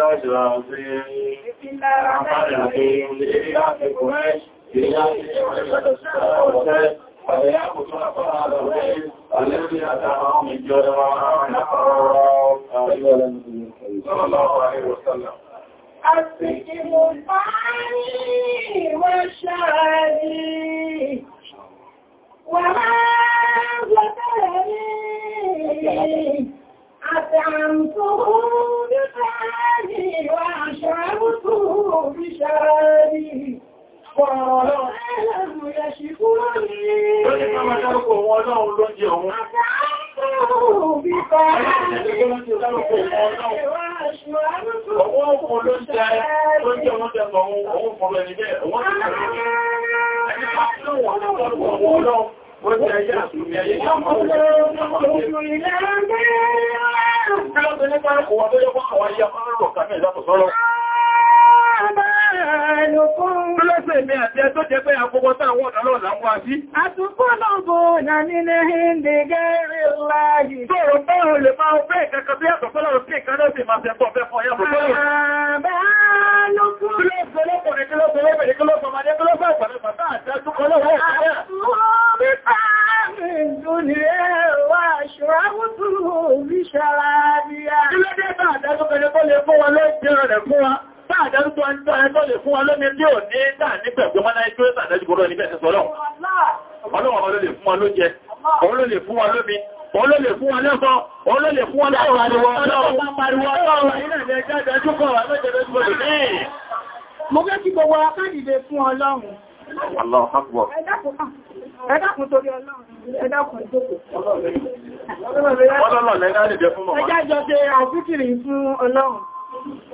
الله العظيم Lọ́sẹ̀ mi àti ẹjọ́ jẹ pé àkókò táwọn ọ̀dọ́ lọ́nà ń wá sí. A tún fún lọ́gbò nà nílé ìdè gẹ́rẹ̀ láàyè. Sọ̀rọ̀ bọ́rọ̀ lè máa fẹ́ ìkẹ́kẹ́ bí ẹ̀kọ́ fẹ́lọ́rọ̀ sí ìkẹ́lẹ́ sí máa fẹ́ pọ̀ fẹ́ fọ́ yẹ́ mọ̀ fẹ́lọ́rọ̀. fún wa lómi tí ò ní dáà nígbẹ̀gbẹ̀ mọ́ná ikú ẹ̀sà lẹ́jùgbọ́rọ̀ níbẹ̀ ti sọ́lọ́ ọlọ́wọ́ ọlọ́ lè fún wa lóúnjẹ ọlọ́ lè fún wa lómi ọlọ́ lè fún wa lẹ́fọ́ ọlọ́ lè fún wa láwọ̀ àríwọ̀ ọlọ́wọ́ pariwọ̀ ọlọ́wọ́ ilẹ̀ ẹ̀jẹ́ ẹ̀jẹ́ ẹjú kọ̀ wà lọ́jẹ́ lẹ́jùgbọ́rọ̀ mo fẹ́ kí gbogbo akájìdé fún ọlọ́run ẹ̀dàkùn torí ọlọ́run ẹ̀dàkùn ìjókòó ọlọ́run ẹ̀dàkùn ìjókòó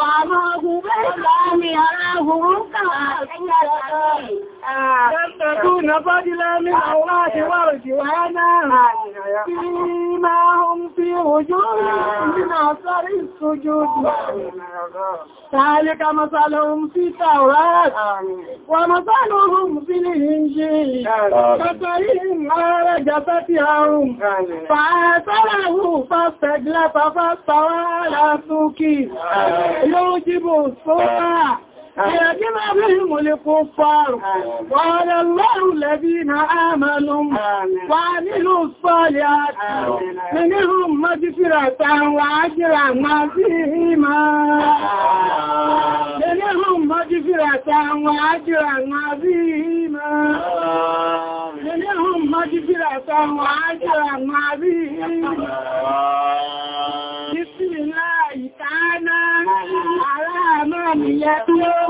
وما هو بالله على هو يبتغون فضلا من الله ورضوانا فيما هم في وجوههم من أثر السجود ذلك مثلهم في التوراة ومثلهم في الإنجيل كطيهم أرج فتحهم فآثره فاستجلف فاستوى على سوقه يوجب السوق لكن بهم الكفار وعلى الله الذين آمنوا وعملوا الصالحات منهم مغفرة وأجرا عظيما منهم مغفرة وأجرا عظيما منهم مغفرة وأجرا عظيما بسم الله تعالى على من يدعو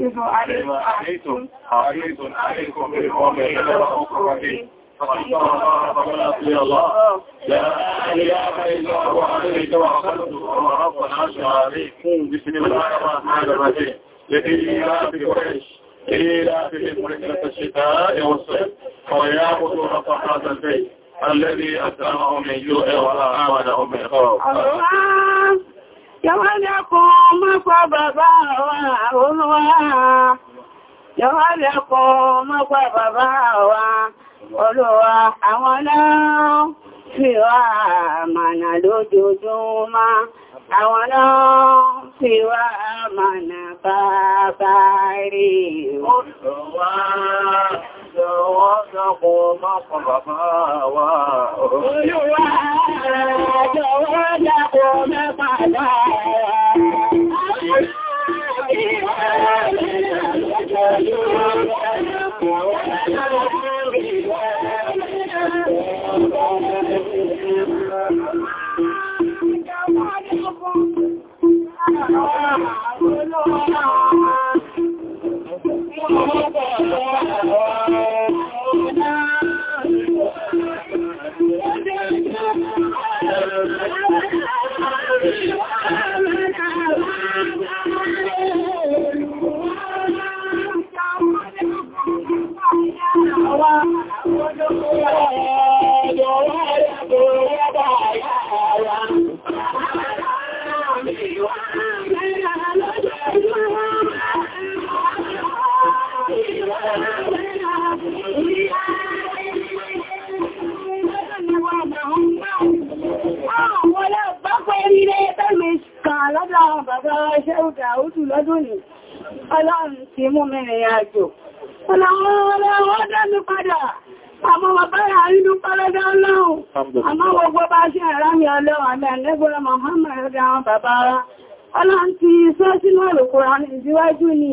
حريص عليكم حريص عليكم بالقوم الذين الله لا إله إلا هو عليه توكلت وهو رب العرش العظيم بسم الله الرحمن الرحيم لإيلاف قريش إيلافهم رحلة الشتاء والصيف ويعبدوا رب البيت الذي أسلمهم من جوع وآمنهم من خوف Yọ́wọ́lẹ́kùn mọ́pọ̀ bàbá wa olúwa. Yọ́wọ́lẹ́kùn mọ́pọ̀ bàbá wa olúwa. Àwọn náà fi wá mànà lójoojúmọ́. Àwọn náà fi wá mànà bàbá rí. Oh my God! bàbá iṣẹ́ òdà òdù lọ́dún yìí ọlọ́run ti mú mẹ́rin àjò Àmọ́ bàbá àrínú pàlọ́dá ọlọ́run, àmọ́ gbogbo bá ṣe àrámi ọlọ́run àmì àlẹ́gbọ́rọ̀ Mọ̀hánmà ẹ̀rọ̀dá àwọn bàbá wa. Ọlọ́run ti sọ́sínú àlòkòrò àwọn ìsíwájú ni,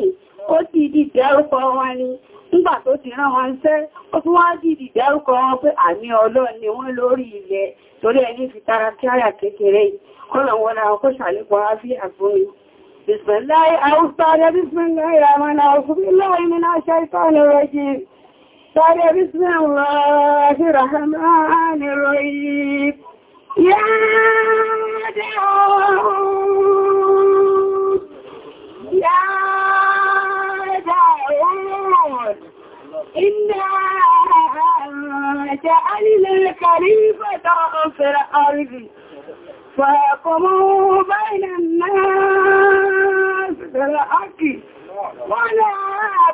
ó ti dìtẹ́ ọkọ̀ wọn ni, nígbà tó ti rán wọn ṣẹ́ ó tún wá dìdì dárúkọ wọn pé àmì ọlọ́run wọ́n lórí ilẹ̀ torí ẹni fi tara kí àyà kékeré kọ́lọ̀wọ́lá ọkọ́ ṣàlékọ́ áfí àfúnmi bismillahi àwùsàrẹ́ داعون إنا جعلنا الخليفة في الأرض فيقوموا بين الناس بالحق ولا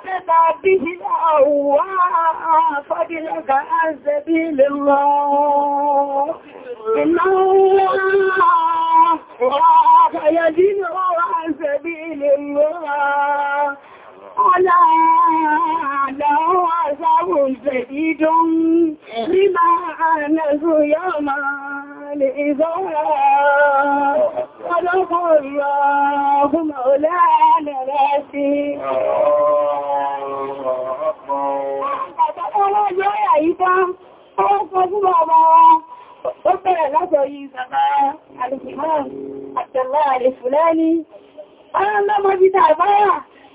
تدع به الأهواء فضلك عن سبيل الله إن الله يدين عن سبيل الله Ọlá àdáwọ́ àṣàbò ìṣẹ̀dídún nígbà tán, ó kọ́ fún bàbá wa, ó bẹ̀rẹ̀ látọ̀ yìí bàbá alìkìmọ́ àtàlá àlè fùlẹ́ ni, ọlọ́mọ́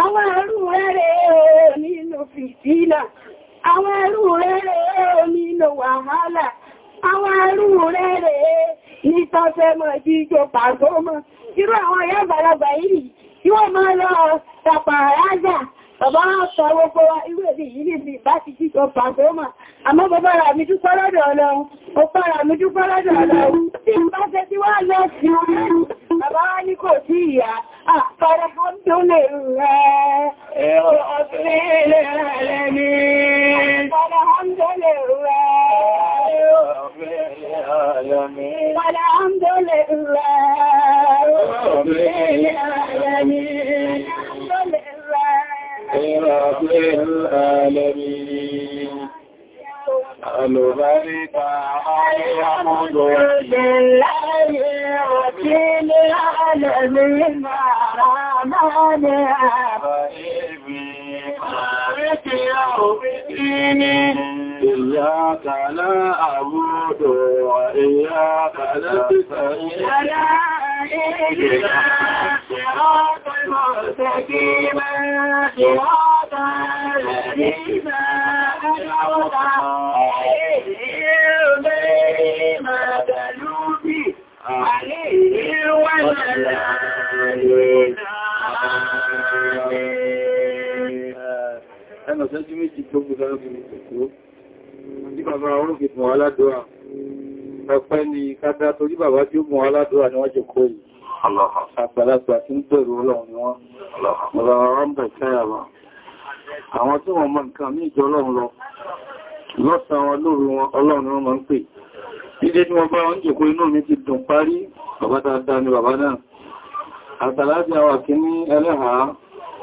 àwọn ẹrù rẹ̀ nínú fìtínà àwọn ẹrù rẹ̀ nínú wàhálà àwọn ẹrù rẹ̀ ní tọ́fẹ́ mọ̀ jíjọ pàtó mọ̀ irú àwọn ẹ̀yà bàlágbà ìrì tí wọ́n máa lọ tàpà rájà bàbá sọ gbogbo wa irú èdè ju ọlọ́run lọ lọ́sàn wọn lóòrù wọn ọlọ́run wọn máa ń pè dídé tí wọ́n bá wọ́n jòkó inú mi ti dùn parí bàbá dáadáa ni bàbá náà àtàlábí àwọn àkíní ẹlẹ́hàá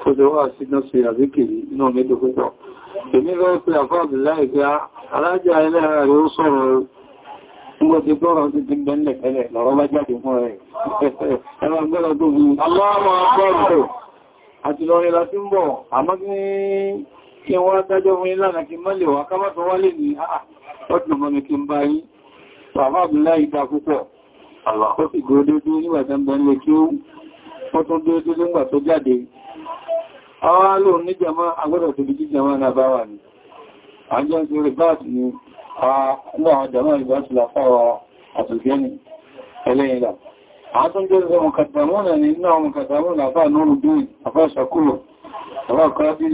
tó jọ wà sí náà sí àríkìrí inú mi dùn púpọ̀ èmi lọ pé àfáàbì láìpẹ́ alájá ẹlẹ́hàá rẹ̀ ó sọ̀rọ̀ Mo ti gbọ́rọ̀ ti ti gbẹ́lẹ̀ tẹ́lẹ̀ lọ́rọ̀ bá jáde fún ẹ̀. Ẹwà gbọ́rọ̀ tó bí. Àwọn àwọn akọ́rọ̀ àti lọ́rin kí wọ́n dájọ́ fún ìlànà kí mọ́lẹ̀ wà ká mọ́tọ̀ wálé ní ah, ah, ọdún mọ́mí kí ń bá yí bàbá àbúlá ìdá púpọ̀ ó sì gbò dédé nígbà tó ń bẹ nílé kí ó tún dédé nígbà tó jáde àwọn alò ní jẹmọ́ agbọ́dọ̀ tó bí jíjẹmọ́ náà bá wà ní àjọ́ ti rí báàtì ní àwọn àjọmọ́ ìbáṣì láfáwà àtògẹ́ni ẹlẹ́yìnlá àwọn tó ń jẹ́ ìrọ̀ mọ̀kàtàmọ́nà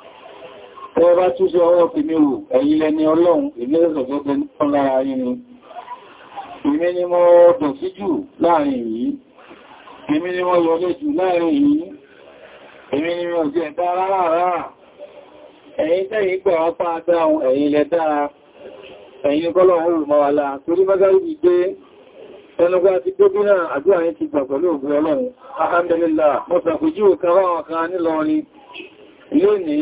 tẹ́ bá tún sí ọwọ́ fi ní wò ẹ̀yìn lẹni ọlọ́run ìlẹ́sọ̀fẹ́fẹ́ fún lára yìí èmi ni mo dọ̀ sí jù láàrin yìí èmi ni mo yọ lójú láàrin yìí èmi ni mo jẹ́ ẹ̀dá rárá ẹ̀yin tẹ́yìn pẹ̀ ọpá dáun ẹ̀yin lẹ́dá ẹ̀yin kọ́lọ̀wọ́ olùmọ́wàlá torí mẹ́gáríbì gbé ẹnugbá ti gbé bí náà àdúrà yìí ti gbà pẹ̀lú ògbé ọlọ́run alhamdulillah mo sàpèjú kan ráwọn kan nílọrin lónìí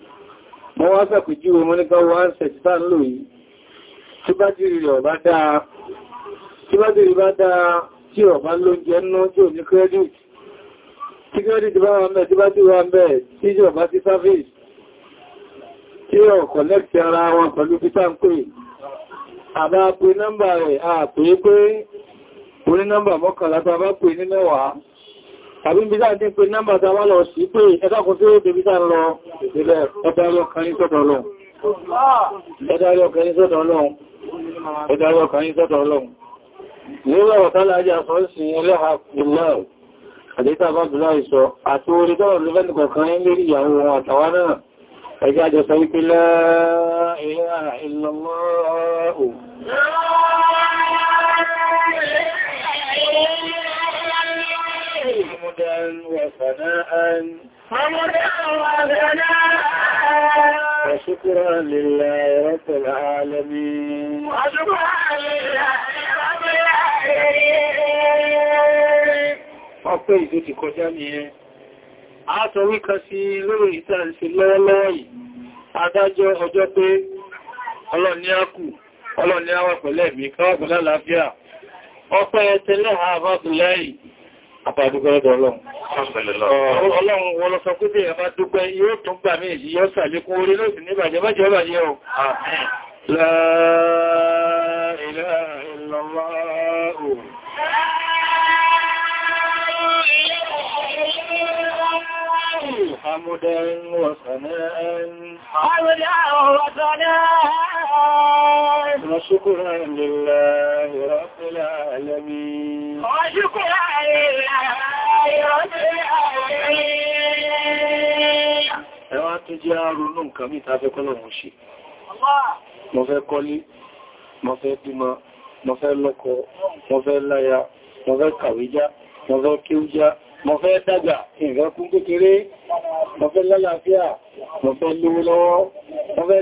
mọ́ wá sàpèjú ọmọ nípa wọ́n sẹ̀tìtà ń lò yìí tí bá dìrì rẹ̀ ọ̀bá dáa tí bá dìrì bá dáa tí ọ̀bá ló jẹ́ ná tí ò ní credit tí credit bá wà mẹ́ tí bá dìrì wà mẹ́ tí ọ̀bá sí service tí ọ̀ connect ara wọn pẹ̀lú peter ń pè àbá pe nọ́mbà rẹ̀ àpé pé orí nọ́mbà mọ́kànlá tó bá pè ní mẹ́wàá tàbí bí sáà tí pé nọ́mbà tí a wá lọ sí pé ẹ̀dàkùn tí ó bèbí sáà lọ ìpìlẹ̀ ẹ̀dàrí ọkàrin sọ́dọ̀ ọlọ́run ẹ̀dàrí ọkàrin sọ́dọ̀ ọlọ́run ẹ̀dàrí ọkàrin sọ́dọ̀ ọlọ́run ní ọ̀rọ̀ tálà ajá sọ sí ẹlẹ́ha ìlọ́ọ̀ àdẹ́ta bá bùlá ìsọ àti orí tọ́rọ̀ lọ́fẹ́nì kọ̀ọ̀kan lérí ìyàwó wípé la ilaha وثناء ومدحا وثناء وشكرا لله رب العالمين وشكرا لله رب العالمين ọpẹ́ ìjọ ti kọjá ní ẹ àátọ̀ sí lórí ìta lọ́wọ́lọ́wọ́ yìí adájọ́ ọjọ́ pé ọlọ́ni ákù ọlọ́ni àwọ̀ pẹ̀lẹ́ mi káwọ̀ pẹ̀lẹ́ ahụ ọpẹ́ ẹ̀tẹ́lẹ́ Àpàdúgbẹ́ ọ̀dọ̀ Ọlọ́run. Ọlọ́run wọ́n lọ sọ pé bí ẹ bá dúpẹ́ yóò tún gbà mí èyí yóò sàlékún orí lóòsì ní ìbàjẹ́ bájẹ́ bàjẹ́ La ilaha illallah. حمدا وشكرا لله رب العالمين وشكرا لله رب العالمين ẹwà tó jẹ́ àrùn náà nǹkan mí tàbí kọ́lọ̀ mú ṣe mo fẹ́ kọ́lé mo fẹ́ bímọ mo fẹ́ lọ́kọ mo fẹ́ láya mo fẹ́ kàwéjá mo fẹ́ kéújá mo fẹ́ dàgbà ìrẹ́ kún kékeré mo fẹ́ lálàáfíà mo fẹ́ lówó lọ́wọ́ mo fẹ́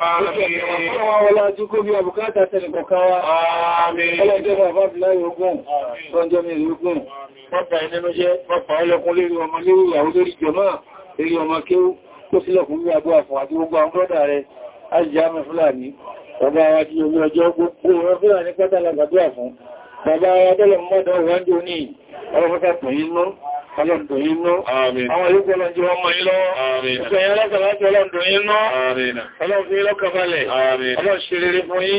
Mọ́ta ìnẹ́nu jẹ́ mọ́pa ọlọ́kun lérí ọmọ lérí ìyàwó lórí jọmọ́ èrí ọmọ kéwú tó sílẹ̀ fún bí àwọn bàbá wa jí omi ọjọ́ gbogbo ọ̀rọ̀ Fúlàní pátálà gbàdúrà fún, bàbá wa tẹ́lẹ̀ mọ́dọ̀ wọ́n jò ní ọlọ́pátá pẹ̀lú ọlọ́dún inú àwọn ìlú pẹ̀lọ́ jẹ́ ọmọ ilọ́ ìpẹ̀yẹ lọ́kàlájú ọlọ́dún inú ọlọ́fin lọ́kàbalẹ̀ ọlọ́ṣẹ́rẹrẹ fún yí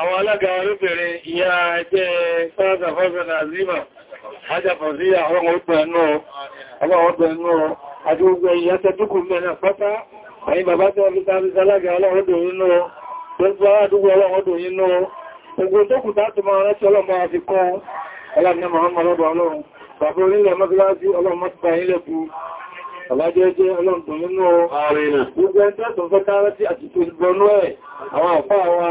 àwọn alága arúbìnrin ìyá ẹgbẹ́ sáàzà fọ́sánà azima ajáfọ̀sí àwọn ọgbọ̀n inú ọlọ́run tó kù tààtù máa rántí ọlọ́mọ àfikún ọlọ́mọ ọlọ́run Bàbá orílẹ̀ mọ́sílájú ọlọ́mọ́sílá ilẹ̀kú, àbájẹ́ jẹ́ ọlọ́mọ̀ nínú ààrin gbogbo ẹjọ́ tó fẹ́ tààrẹ tí àti tó gbọ́nú ẹ̀, àwọn àpá wa,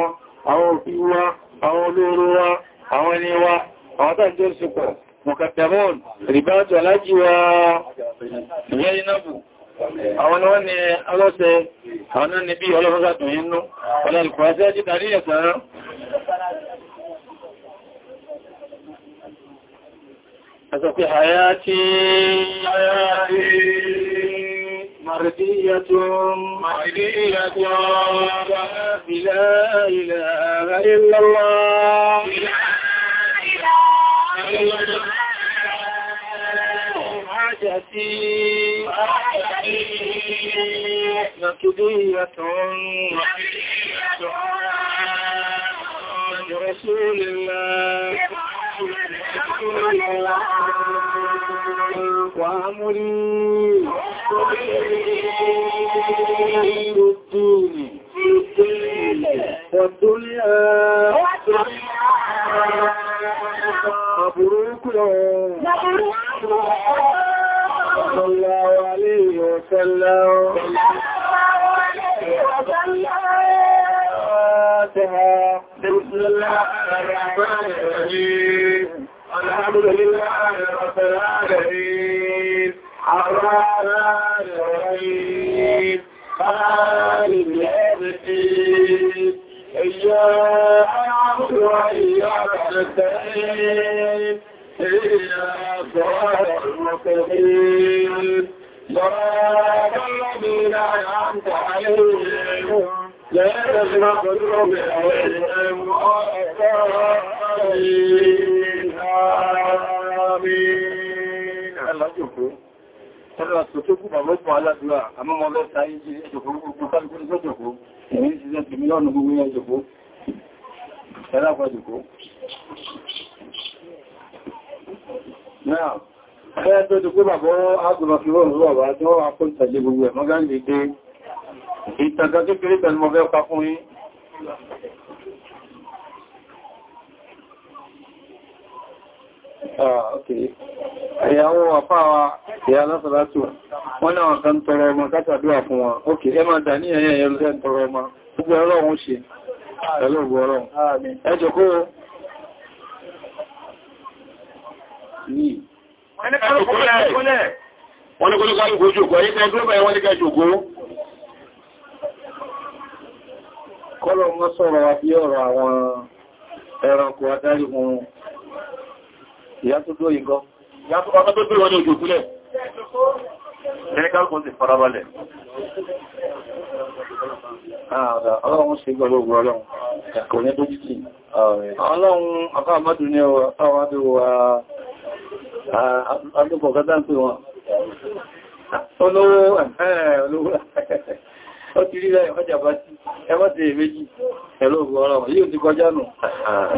àwọn òbí wa, àwọn olóòrò wa, àwọn ẹni wa, àwọn tàjọ́ ìsopọ̀, mọ̀kàtàmọ́n, rìbájọ́ alájí wa, ìyẹ́ inábù, àwọn ni wọ́n ni أتوقي حياتي حياتي مرضية مرضية لا إله إلا الله حاجتي مكدية رسول الله رحمن الله وأمري في الدين والدنيا مبروك صلى الله عليه وسلم فاتحة بسم الله الرحمن الرحيم mẹ́ta ìjì ẹjọ̀kó gbogbo kálùkù ní sọ́jọ̀kó èyí ti jẹ́ ti mílọ́nù gbogbo ẹjọ̀kó ẹlápàjọ̀kó náà ẹ́ tó jùkú bàbọ́ ágbùnà fi wọ́n rọ̀ bá tí wọ́n wá kó ìtàjẹ gbogbo ẹ̀ mọ́gá ń lè dé ìtàgà kékeré pẹ̀lú mọ́fẹ́ pa fún yín Ah, ok okay. Ìyàwó àpá wa ìyá aláfàlátò wọ́n náà kan tọrọ ọmọ kátàdúwà fún wọn ókè ẹ máa dà ní ẹ̀yẹ ẹ̀yẹ lọ́sẹ̀ tọrọ ọmọ gbogbo ẹ̀rọ òun ṣe pẹ̀lú ògbò ọlọ́run ẹ jòkó wọ́n ní kọ́lù kọ́lù kòjòkó ẹ̀yí tẹ́ gbọ́gbà ẹ̀wọ́n ní kẹjòkó kọ́lọ̀ mọ́ sọ̀rọ̀ wa bí ọ̀rọ̀ àwọn ẹranko adárígun ìyá tó dó ìgọ́ ìyá tó kọ́kọ́ tó dó wọn ní òjòkúlẹ̀ ẹnikálùkù ti farabalẹ̀. Ah, ọlọ́run ṣe gbọ́lọ́ ogun ọlọ́run, kò ní tó jìkì. Ọlọ́run afá àmọ́dù ní ọwọ́ tó wà àdúgbọ̀ kátà ń pè wọn. Olówó ó ti rí rẹ̀ ọjà bá sí ẹwọ́ ti rẹ̀ méjì ẹ̀lú ogun ọlọ́run yíò ti kọjá nù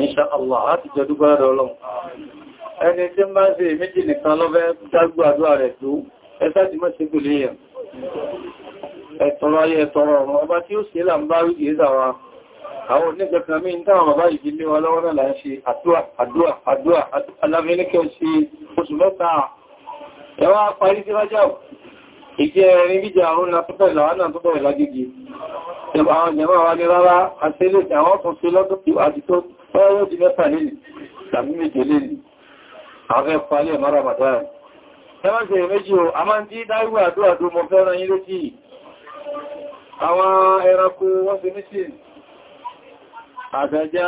Insha Allah láti jọ dúgbọ́ lọ́dọ̀ ọlọ́run ẹni tí ń bá ṣe méjì nìkan lọ́fẹ́ dágbò àdúrà rẹ̀ tó ẹ̀sá mọ́ ṣe gbò léyàn ẹ̀tọ̀rọ̀ ayé ẹ̀tọ̀rọ̀ ọ̀rọ̀ ọba tí ó ṣe là ń bá rí ìyẹ́sà wa àwọn onígbẹ̀kan mí táwọn bàbá yìí lé wa lọ́wọ́ náà ṣe àdúà àdúà àdúà alámẹ́lẹ́kẹ́ oṣù mẹ́ta ẹwà ẹwọ́sẹ̀ méjì o a máa ń tí dáríwà àdúràdó mọ̀ fẹ́ràn yí létí àwọn ẹranko wọ́n fi mísìn àtàjá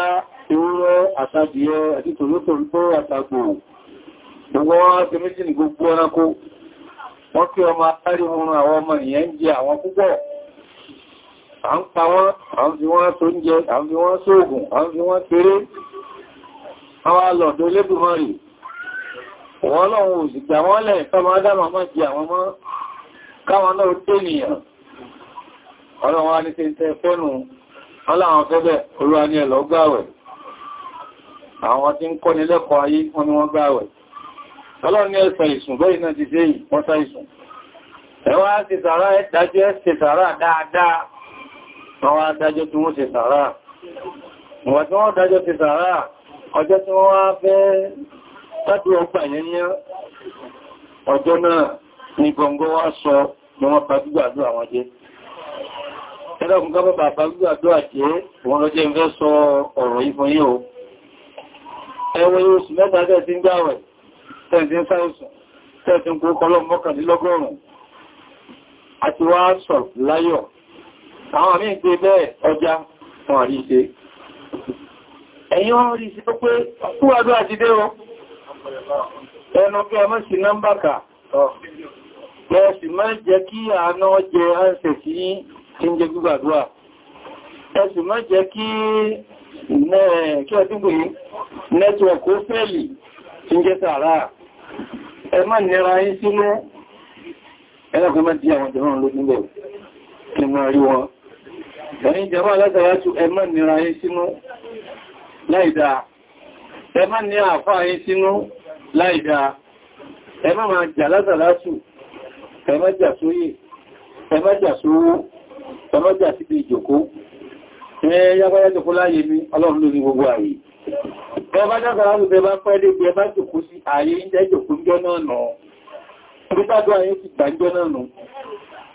ewúrọ́ àtàdìẹ àti tòlótòlótò àtàgbò gbogbo wọ́n fi mísìn gbogbo ẹranko wọ́n kí ọmọ akárí oorun àwọn ọmọ ìyẹn jẹ àwọn púpọ̀ à ń pa fi wọ́n tó ń jẹ wọ́n lọ́wọ́ òsìgbà wọ́n lẹ̀ fẹ́mọ́ adáma mọ́ sí àwọn mọ́ káwọn náà tó nìyàn ọlọ́wọ́n ní tẹ́ tẹ́ fẹ́nu ọláwọn fẹ́bẹ̀ olúwa ní ẹ̀lọ́ gbáwẹ̀ àwọn tí ń kọ́ ní lẹ́kọ̀ọ́ ayé wọn ni wọ́n gbáwẹ̀ ọlọ́run ní ẹ̀sọ̀ ìsùn bẹ́ẹ̀ náà ti ṣe yìí wọ́n sá ìsùn ẹwà ti sàárà ẹ̀dájọ́ ẹ̀sẹ̀ sàárà dáadáa tàbí ọgbà yẹn ní ọjọ́ náà ní gọngọ́ wá sọ ní wọ́n bá gbígbà àdúrà wọn jẹ́ ẹlọ́gùn ká bàbà bá gbígbà àdúrà jẹ́ wọ́n lọ jẹ́ ń fẹ́ sọ ọ̀rọ̀ yìí fún yíò ẹwọ oṣù mẹ́ta tẹ́ ti ń gbáwẹ̀ tẹ́ ti ń sáyẹ̀sùn tẹ́ ti ń kó kọlọ́ mọ́kànlélọ́gọ́rùn-ún àti wá sọ láyọ̀ ẹnu pé ẹmọ́ sí nọ́mbàkà ẹ̀ẹ̀sì máa jẹ́ kí àánà jẹ ánsẹ̀ sí tí ń jẹ gbígbàdúwà ẹ̀sì máa jẹ́ kí nẹ́tíwọ̀kú fẹ́lì tí ń jẹ́ sàárà ẹ má nira yí sínú ẹlẹ́kùn má di àwọn jẹ́mọ́ lójú bẹ̀ kí máa rí wọn ẹ̀yìn jẹ́mọ́ alátàwátú ẹ má nira yí sínú láìdáa ẹ má ní àfáà yí sínú láìdá ẹ má máa jà lásàlásù ẹ má jà sóyè ẹ má jà sówó ẹ má jà síbi ìjòkó ẹ yábáyá jòkó láyé mi ọlọ́run lórí gbogbo ààyè ẹ bá jásàlásù ẹ bá pẹ́ dé ẹ bá jòkó sí ààyè ìjẹ́ jòkó ń jọ náà nà Ìgbàjọ́ ayé ti gbàjọ́ náà nù.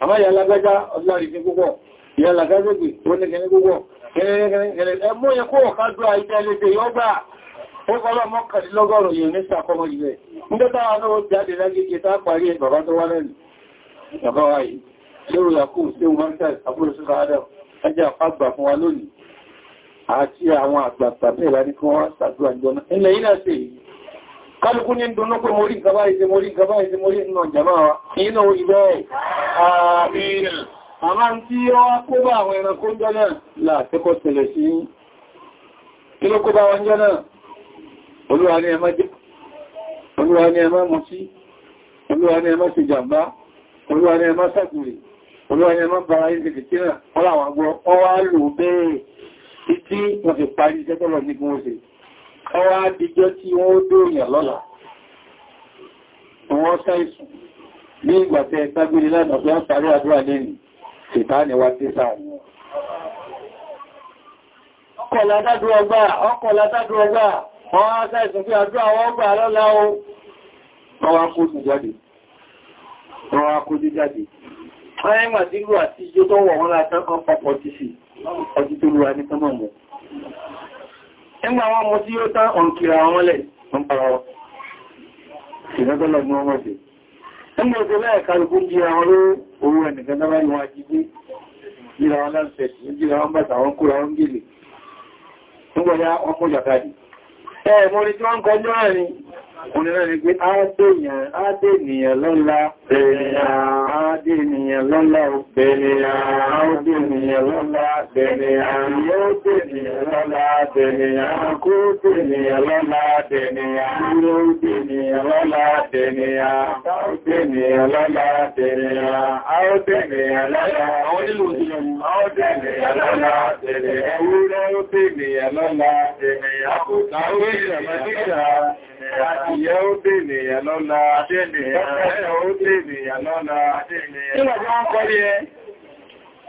Àmá ìyá alágbájá ọlárí ní púpọ̀, ìyá alágbájá gbè, ó ní gẹni púpọ̀, gẹni gẹni gẹni, ẹmú ẹkọ́ ọ̀kájú àìjẹ́ lè ó sọ́lọ́ mọ́kànlélọ́gọ́rùn yìí ní sàkọmọ ilẹ̀ nígbẹ́ta wọn ó jáde lágége tá parí ẹ̀ bàbá tó wá lẹ́nu bàbá wa yìí lórí yakú sí marcus abúrúsúsá adam ẹjẹ́ àpàgbà fún wa lónìí àti àwọn àgbàgbà mẹ́ra ní kí wọ́n sàdúrà jọna ilẹ̀ yìí náà sí kálukú ní dúnú pé morí gaba ìdí morí gaba ìdí morí nà jama wa inú ilẹ̀ àmìnà àmá tí ó kó bá àwọn ẹranko olúwa ní ẹ má jẹ olúwa ní ẹ má mutí olúwa ní ẹ má ṣe jàmbá olúwa ní ẹ má ṣàgbèrè olúwa ní ẹ má bára ìrìnkì tí náà ọláwà gbọ́ ọwá lò bẹ́ẹ̀ títí wọ́n fi parí iṣẹ́ tọ́lọ̀ ní gún oṣe ọwá dìjọ́ tí wọ́n dóòyàn lọ́la wọ́n sáìsùn ní ìgbà tẹ́ tágbèrè lánàá tó ọkọ̀ látàdúrọgbà ọkọ̀ látàdúrọgbà wọ́n á sáìsùn pé àdúrà wọ́n gbà lọ́la o wọ́n wá kó jù jáde wọ́n wá kó jù jáde ọ̀rẹ́gbà tí rú àti ijó tó wọ̀ wọ́n látán kan papọ̀ ti sì ọdí tó rú àti tánmà mọ̀ ẹgbà wọn mọ́ tí ó tán ọ̀nkìrà wọn lẹ̀ wọ́n para wọn ìrẹ́gọ́lọ̀ ní ọmọ sí ẹgbà òṣè lẹ́ẹ̀kàrùkú jíra wọn ló owó ẹnìkan náà rí bàtà wọn kóra wọn gèlè nígbà yá wọn kó jàkadì ẹ̀mọ́ni tí wọ́n ń kọjọ́ rìn Ònìyàn ni pé ádènìyàn, ádènìyàn lọ́lá, bẹ̀rẹ̀yà, ádènìyàn lọ́lá, bẹ̀rẹ̀yà, ènìyàn lọ́lá àtẹnìyàn kú tènìyàn lọ́lá àtẹnìyàn ló tènìyàn lọ́lá àtẹnìyàn tènìyàn lọ́lá àtẹnìyàn áó tènìyàn lọ́lá àtẹnìyàn lọ́lá àtẹnìyàn ewúrẹ́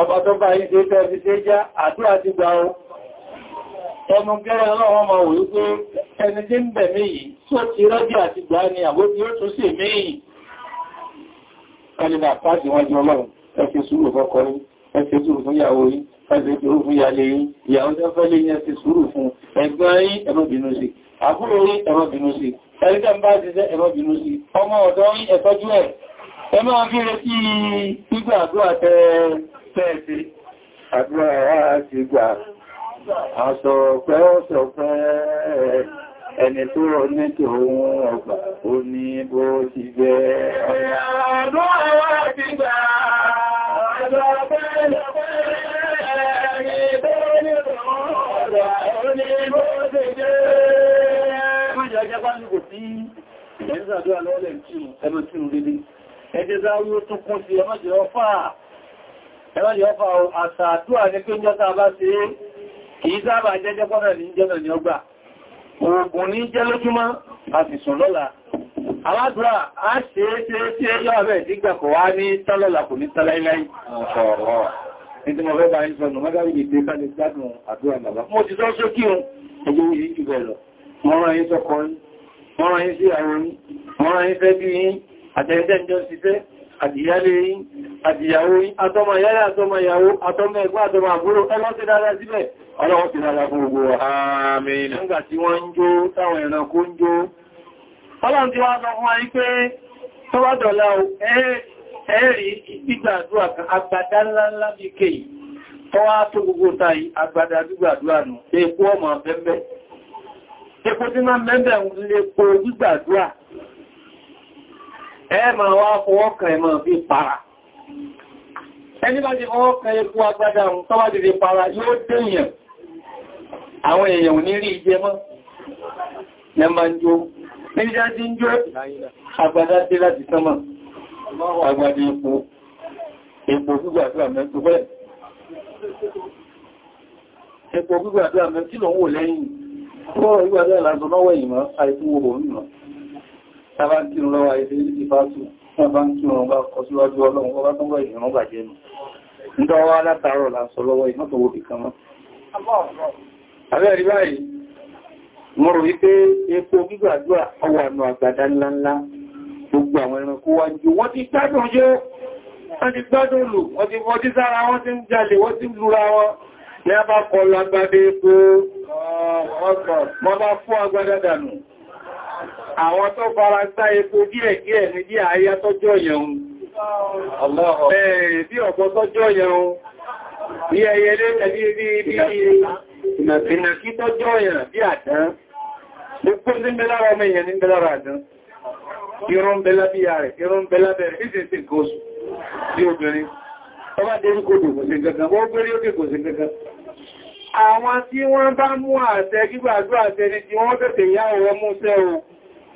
ọbátọ́bá ìṣẹ́ tẹ́bí ṣe já àdúrà ti gbà ó ẹnu gẹ́rẹ́ ọlọ́wọ́ ma wò wípé ẹni tí ń bẹ̀ méyìí tó ti rọ́jì àti gbà ní àwótí ó tún sí méyìí kálíbà pàtí wọ́n jọ ọlọ́run ẹfẹ́ sùúrù fọ́kọ yín ẹfẹ́ sùúrù fún ìyàwó yín ẹfẹ́ sùúrù fún ìyàlẹ̀ yín ìyàwó tó fẹ́ lé yín ẹfẹ́ sùúrù fún ẹgbẹ́ yín ẹ̀rọ bínú sí àbúrò yín ẹ̀rọ bínú ọmọ ọ̀dọ́ ẹ̀tọ́jú ẹ̀ ẹ máa fi retí gbígbà àdúrà tẹ́ẹ̀ tẹ́ẹ̀sí àdúrà wá ti gbà àṣọ̀pẹ́ ọ̀ṣọ̀pẹ́ ẹni tó rọ ní tí ohun ọgbà ó ní bó ti jẹ́ àdúrà wá ti gbà àṣọ̀pẹ́ ọ̀ṣọ̀pẹ́ ẹni tó tí ohun ọgbà ó ní Ẹjẹ́ sáwí ó tún kún sí ọmọ jẹ́ ọfáà ẹwà ni ọfà àsàdúà ní pé jọ́ta bá ṣe é kìí sábà jẹ́jẹ́ pọ́nà ní jẹ́nà ní ọgbà oògùn ní jẹ́ lójúmọ́ a sì sùn lọ́la aládùúrà a ṣe é ṣe é ṣe yọ́ abẹ́ ìdígbà kò wá ní tọ́lọ́la kò ní tọ́láíláí Àtẹ̀yẹ́tẹ́ ìjọ́ ṣiṣẹ́, àdìyálé yín àdìyàwó yín àtọmọ ìyálé àtọmọ ìyàwó àtọmọ ẹ̀gbọ́n àtọmọ àbúrò ẹlọ́ ti dára síbẹ̀ ọlọ́wọ́ ti dára ọlọ́run ti wá fún ayé pé ńláńlá bí tó gbogbo táyì nù epo ọmọ epo tí máa ẹ máa wá fọwọ́ kan ẹ máa fi para ẹni bá ti fọwọ́ kan ẹkú agbádá tó bá ti fi para yóò dèèyàn àwọn èèyàn ò ní rí ìjẹ mọ́ ẹ máa ń jó níbi já ti ń jó agbádá dé láti sánmà agbádá epo epo gbígbà tó àmẹ́tò bẹ́ẹ̀ epo gbígbà tó àmẹ́tò lọ́wọ́ lẹ́yìn Ọwọ́ sábà kí ń lọ́wà ilé ìfásù sábà kí wọn bá kọ síwájú ọlọ́run ọba tó wọ́ ìrìnà bàjẹ́ nù ǹdọ́wọ́ látàárọ̀ lásọ lọ́wọ́ ìmọ́tòwò ìkan mọ́ mo rò wípé epo gbígbàdúrà ọwọ́ àmì àgbàdá ńláńlá gbogbo àwọn ẹranko wá jù wọ́n ti gbádùn yó wọ́n ti gbádùn lù wọ́n ti fọdí sára wọ́n ti ń jalè wọ́n ti lura wọn ní a bá kọlu agbádá epo wọ́n bá fún agbádá dànù àwọn tó fara gbá epo díẹ̀ díẹ̀ ní bí àyá tọ́jọ́ yẹun ẹ̀rẹ̀ bí ọ̀pọ̀ tọ́jọ́ yẹun bí ẹyẹlé tẹ̀lé bí bí ìnàkí tọ́jọ́ yẹun bí àdán gbogbo ní mẹ́lára ọmọ èèyàn ní mẹ́lára àdán irun bẹ́lá bí ààrẹ irun bẹ́lá bẹ̀rẹ̀ ìsìnkú gọ́ọ̀sù bí obìnrin ọba dérí kò dò kò sí gẹ́gẹ́ wọ́n gbérí òkè kò sí gẹ́gẹ́ àwọn tí wọ́n bá mú àṣẹ gbígbàgbọ́ àṣẹ ni tí wọ́n tẹ̀tẹ̀ yá ọwọ́ mú sẹ́ ohun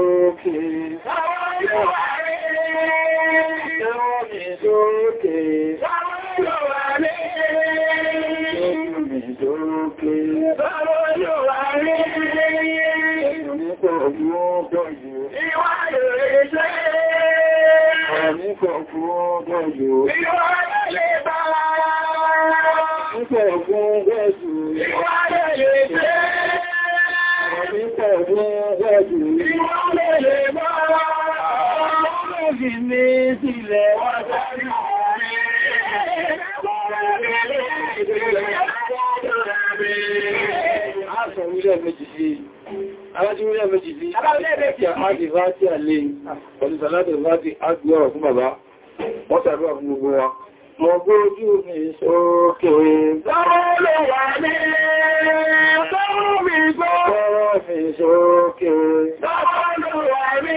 sókè Ẹ̀rọ̀mì sókè Ẹ̀rọ̀mì sókè Ẹ̀rọ̀mì sókè Ìwà yóò ṣe Ẹ̀mí kọ̀ fún ọdọ́ yóò Ìwà lè bá Ẹ̀mí kọ̀ fún ọdọ́ yóò Ìwà lè ṣe Ẹ̀mí kọ̀ fún ọdọ́ yóò ilé sílẹ̀ Aṣọ̀wílẹ̀ méjì sí, alájúwílẹ̀ méjì sí, àti Vati Alé, pẹ̀lú Sàlátẹ̀ Vati Agbé ọ̀rọ̀ fún bàbá, wọ́n tàbí ọ̀fún gbogbo wa. Mọ̀ gbó ojú mi sókè. Sọ́rọ̀ lè wà ní sọ́rọ̀ mi gbọ́. Sọ́rọ̀ mi sókè. Sọ́rọ̀ lè wà ní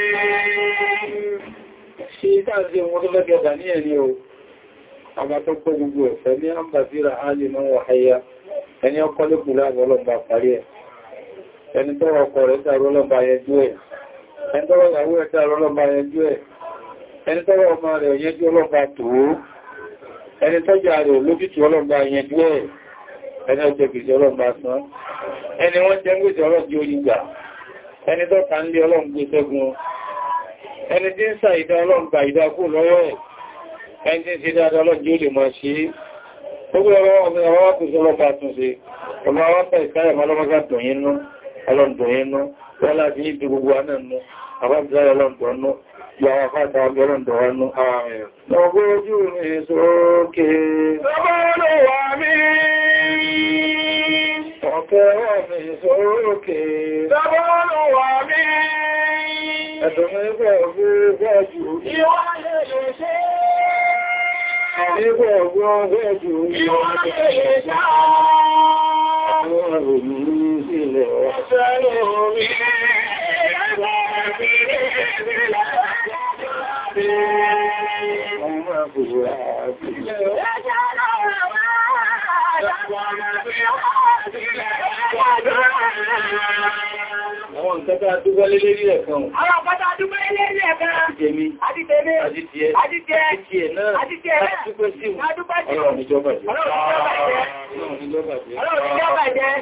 ṣe ìtàzí wọn tó lẹ́gẹ̀ dà ní ẹni o àwọn tó gbọ́ gbogbo ẹ̀fẹ́ ní àmbàzíra alì náà wà háyá ẹni ọkọ́ lẹ́kùn láàrín ọlọ́mbà parí ẹ̀ ẹni tọ́rọ ọkọ rẹ̀ tààrọ ọlọ́mbà yẹjú ẹ̀ ẹni tọ́rọ ìyàwó ẹ̀ tààrọ ọlọ́mbà yẹjú ẹ̀ ẹni tọ́rọ ọmọ rẹ̀ yẹjú ọlọ́mbà tòó ẹni tọ́jà rẹ̀ lókìtì ọlọ́mbà yẹjú ẹ̀ ẹni ọjọ́ gbèsè ẹni tí ń sa ìdá ọlọ́run gba ìdá kú lọ́wọ́ ẹ̀ ẹni tí ń ṣe dáadáa ọlọ́run yóò lè máa ṣe é gbogbo ọwọ́ ọ̀gbìn lọ́pàá àtúnṣe ọmọ àwọn apẹ́ ìkáyà malọ́mọ́gá dùnyínú ọlọ́ndùnyínú wọ́n láti ní mí Ẹ̀dọ̀mọ̀ ẹgbẹ́ ọgbẹ́ ẹjù. Ìwọ́n lè ṣe Ẹgbẹ́ ọgbẹ́ ọgbẹ́ ẹjù. Ìwọ́n lè ṣe Àwọn òmìnirí sílẹ̀ wọ́n. Ẹgbẹ́ òmìnirí ẹgbẹ́ ẹgbẹ́ láti àwọn nǹkan tó adúgbẹ́ lélérí ẹ̀kan. Àwọn nǹkan tó adúgbẹ́ lélérí ẹ̀kan. Àdìtẹ̀mí, àdìtẹ̀mí, àdìtẹ̀, àdìtẹ̀, àdìtẹ̀ náà, àdìtẹ̀ náà, àdúgbẹ́ sí ọlọ́run ìjọba jẹ́. Ọlọ́run ìjọba jẹ́. Ọlọ́run ìjọba jẹ́.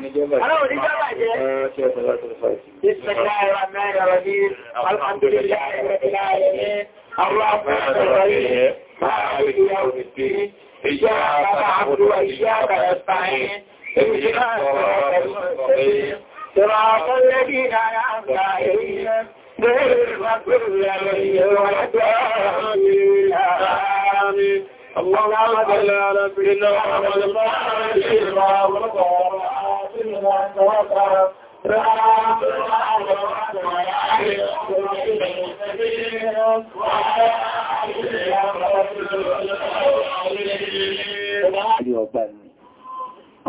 Ọlọ́run ìjọba jẹ́. Bismillahirrahmanirrahim. Alhamdulillahi rabbil alamin. Ar-Rahmanir Rahim. Maliki yawmid din. Iyyaka na'budu wa iyyaka nasta'in. Ihdina as-sirata al-mustaqim. صراط الذين أنعمت عليهم غير المغضوب عليهم ولا الضالين اللهم صل على سيدنا محمد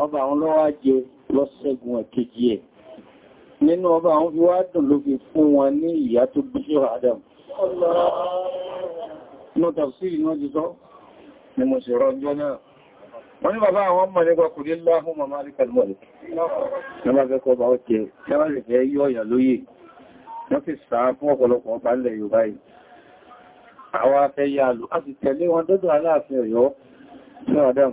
Ọba àwọn lọ́wọ́ jẹ lọ́sẹ́gun ẹ̀kejì ẹ̀ nínú ọba àwọn fi wá dùn ló fi fún wọn ní ìyá tó bí Adam inú tafsiri ní ọjọ́ sọ ni mo ṣe rọjọ́ náà wọ́n ní bàbá àwọn mọ̀ nípa kò ní láhùn mọ̀ máríkàl mọ̀lẹ̀ ní bá fẹ́kọ́ bá ọkẹ̀ lẹ́wàlẹ̀ fẹ́ yí ọ̀yà lóyè wọ́n ti sàá fún ọ̀pọ̀lọpọ̀ ọba ilẹ̀ Yorùbá yìí àwọn afẹ́ yà lò á sì tẹ̀lé wọn dọ́dọ̀ Aláàfin Ọ̀yọ́ Adam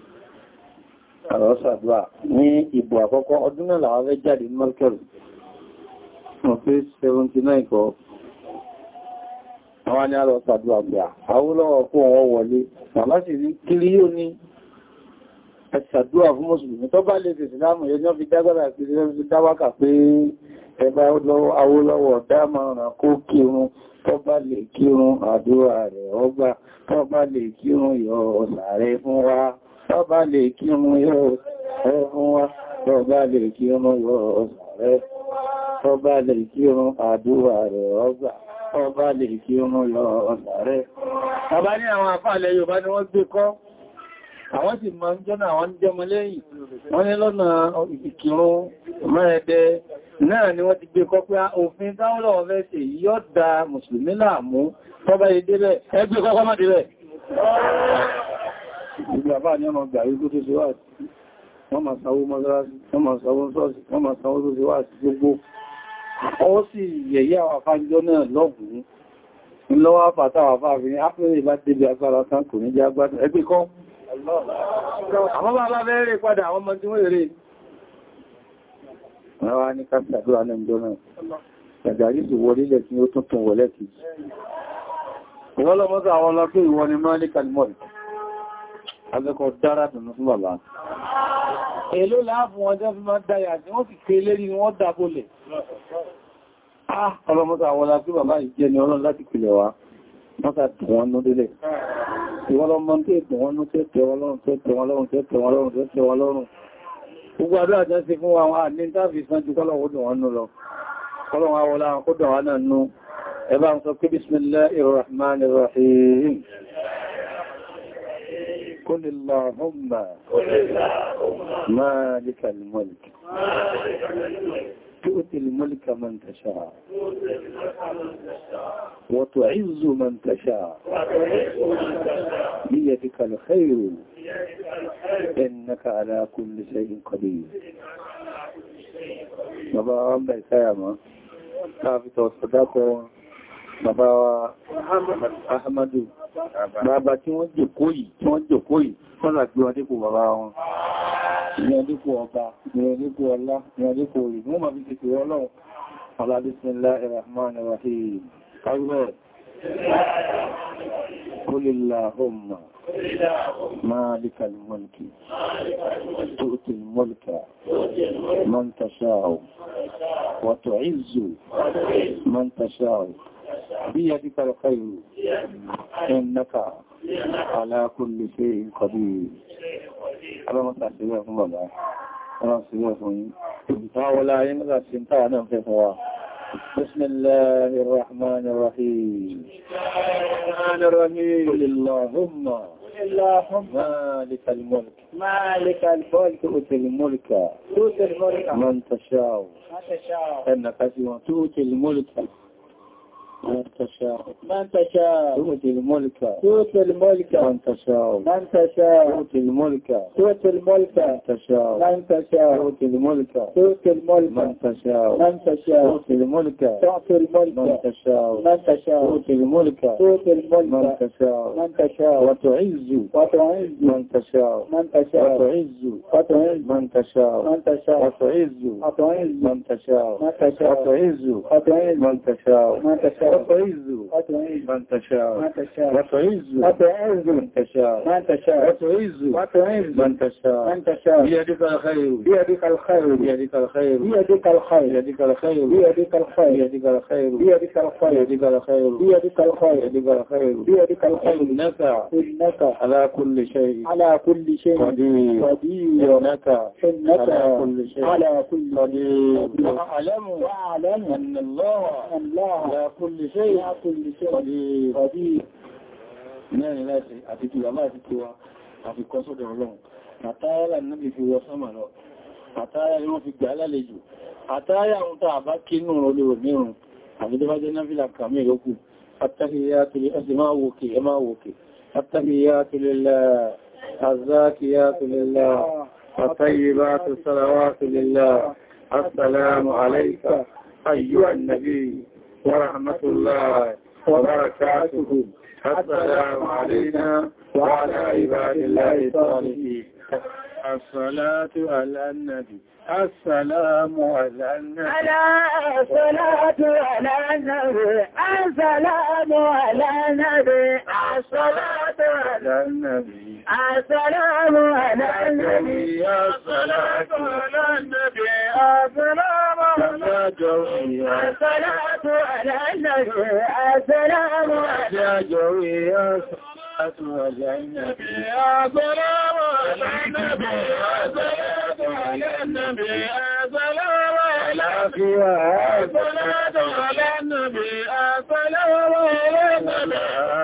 àrọ́sàdúà ní ìbò àkọ́kọ́ ọdún náà làwọn fẹ́ jáde ní mọ́kẹ̀rù wọ́n pé 79 kọ́ àwọn ni àrọ́sàdúà pé àwọ́lọ́wọ́ kó wọ́n wọlé bàbá sì rí kiri yóò ní ẹ̀sàdúà fún mùsùlùmí tó bá lè fèsì láàmù yẹn yọ́ fi dágbàdà kiri yọ́ fi dáwákà pé ẹbá Awólọ́wọ̀ dámọ̀ràn kó kírun tó bá àdúrà rẹ̀ ọgbà tó lè kírun yọ ọ̀sà rẹ̀ fún wa Ọba lè kí mú yóò ẹ̀fún wa, ọba lè kí mú yóò ọ̀sà rẹ̀, ọba lè kí mú àdúwà rẹ̀ ọgbà, ọba lè kí mú yóò ọ̀sà rẹ̀. Ọba ní àwọn àfáàlẹ̀ Yorùbá ni wọ́n gbé kọ́, àwọn sì máa ń jọ́nà àwọn jẹ́mọ lẹ́yìn, wọ́n ní lọ́nà ìkìrún mẹ́ẹ̀dẹ́ náà ni wọ́n ti gbé kọ́ pé òfin táwọn lọ́wọ́ fẹ́ ṣe da Mùsùlùmí láàmú, tọ́bá ìdílẹ̀ ẹgbẹ́ kọ́kọ́ mọ́ àbá ní ọmọ gbà wípé tó ṣe wá sí wọ́n máa sanwó mọ́sálásí wọ́n máa sanwó sọ́ọ̀sì wọ́n máa sanwó tó ṣe wá sí gbogbo ọ sì yẹ̀yẹ́ àwọn afájọ́ náà lọ́gùn lọ́wọ́ àfàtàwà fàfin ápẹ́rẹ́ ìbá débi agbára tán kò ní jẹ́ agbára ẹgbẹ́ kọ́ àwọn bá bẹ́rẹ̀ padà àwọn ọmọ tí wọ́n èrè wọ́n ní káṣàdúrà náà jọ náà ṣàgbàrí sì wọlé ilẹ̀ tí ó tún tún wọlé kìí agbẹ́kọ̀ dára dùnú fún bàbá. Èló láàfún ọjọ́ fi máa dáyà tí wọ́n fi ké lérí wọ́n dábólẹ̀. Ọlọ́mọ́ta àwọ́lá pé bàbá ìjẹ́ ni ọlọ́run láti pìlẹ̀ wá, wọ́n ta tẹ̀ wọ́n nú délẹ̀. Ìwọ́lọ́mọ́ tí ètò wọn nú tẹ́tẹ̀ wọn lọ́rùn tẹ́tẹ̀ wọn قل اللهم مالك الملك تؤتي الملك من تشاء وتعز من تشاء بيدك الخير إنك على كل شيء قدير bàbá ọmọ ìsáyàmọ́ láàfíìsọ̀ sọ̀dápọ̀ wọn bàbá wa Ahmadu bàbá tí wọ́n jòkó yìí tí wọ́n jòkó yìí sọ́nà gbé wọn dípò bàbá wọn ní ọdípò ọba ní ọdípò ọlá ní ọdípò orí mú ma fi tètè ọlọ́run alábísínlá ẹ̀rahman rahim kágbẹ́ Kulillahumma malikal بيدك الخير إنك على كل شيء قدير اللهم صل على محمد اللهم صل على محمد هؤلاء يمضى في بسم الله الرحمن الرحيم الرحمن الرحيم قل اللهم اللهم مالك الملك مالك الملك تؤتي الملك تؤتي الملك من تشاء من تشاء انك تؤتي الملك من تشاء من تشاء تؤتي الملك تؤتي الملك من تشاء من تشاء تؤتي الملك تؤتي الملك من تشاء من تشاء تؤتي الملك تؤتي الملك من تشاء من تشاء تؤتي الملك تؤتي الملك من تشاء من تشاء تؤتي الملك تؤتي الملك من تشاء من تشاء وتعز وتعز من تشاء من تشاء وتعز وتعز من تشاء من تشاء وتعز وتعز من تشاء من تشاء وتعز وتعز من تشاء من تشاء وتعز من تشاء وتعز من تشاء وتعز من تشاء من تشاء بيدك الخير بيدك الخير بيدك الخير بيدك الخير بيدك الخير بيدك الخير بيدك الخير بيدك الخير بيدك الخير بيدك الخير بيدك الخير بيدك الخير إنك إنك على كل شيء على كل شيء قدير قدير نفع إنك على كل شيء على كل قدير وأعلم وأعلم أن الله أن الله على كل ṣe ìhàkùnlẹ̀ṣẹ́ ọdí mẹ́rin láti àti tí wà máa ti tí wa àfi kọ́ sọ́dọ̀ ọlọ́run àtàrà níbi fi wọ sọ́mà lọ àtàrà ni wọ́n fi gbà lálejò àtàrà àwọn tàà bá kí nù olóòrò mẹ́rùn àti tó bá jẹ́ náfílà kàmí ìrókù àtàkìyàtìlẹ̀ ẹsẹ̀ máa wòkè ẹ máa wòkè àtàkìyàtìlẹ̀ àzákìyàtìlẹ̀ àtàyìbá ورحمة الله وبركاته السلام علينا وعلى عباد الله الصالحين الصلاة على النبي السلام على النبي الصلاة على النبي السلام على النبي الصلاة على النبي السلام على النبي الصلاة على النبي الصلاة جويا الصلاة على النبي السلام على جويا الصلاة على النبي السلام على النبي الصلاة على النبي السلام على الصلاة على النبي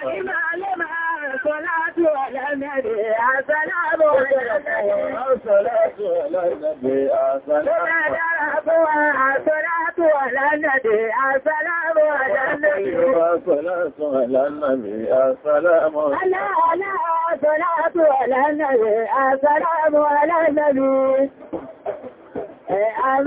lụ ụnatụa aaụụeaa tụa asụnatụọlaadị azụna ụaaaanaazụnatụọla ndade azụna ụlandaee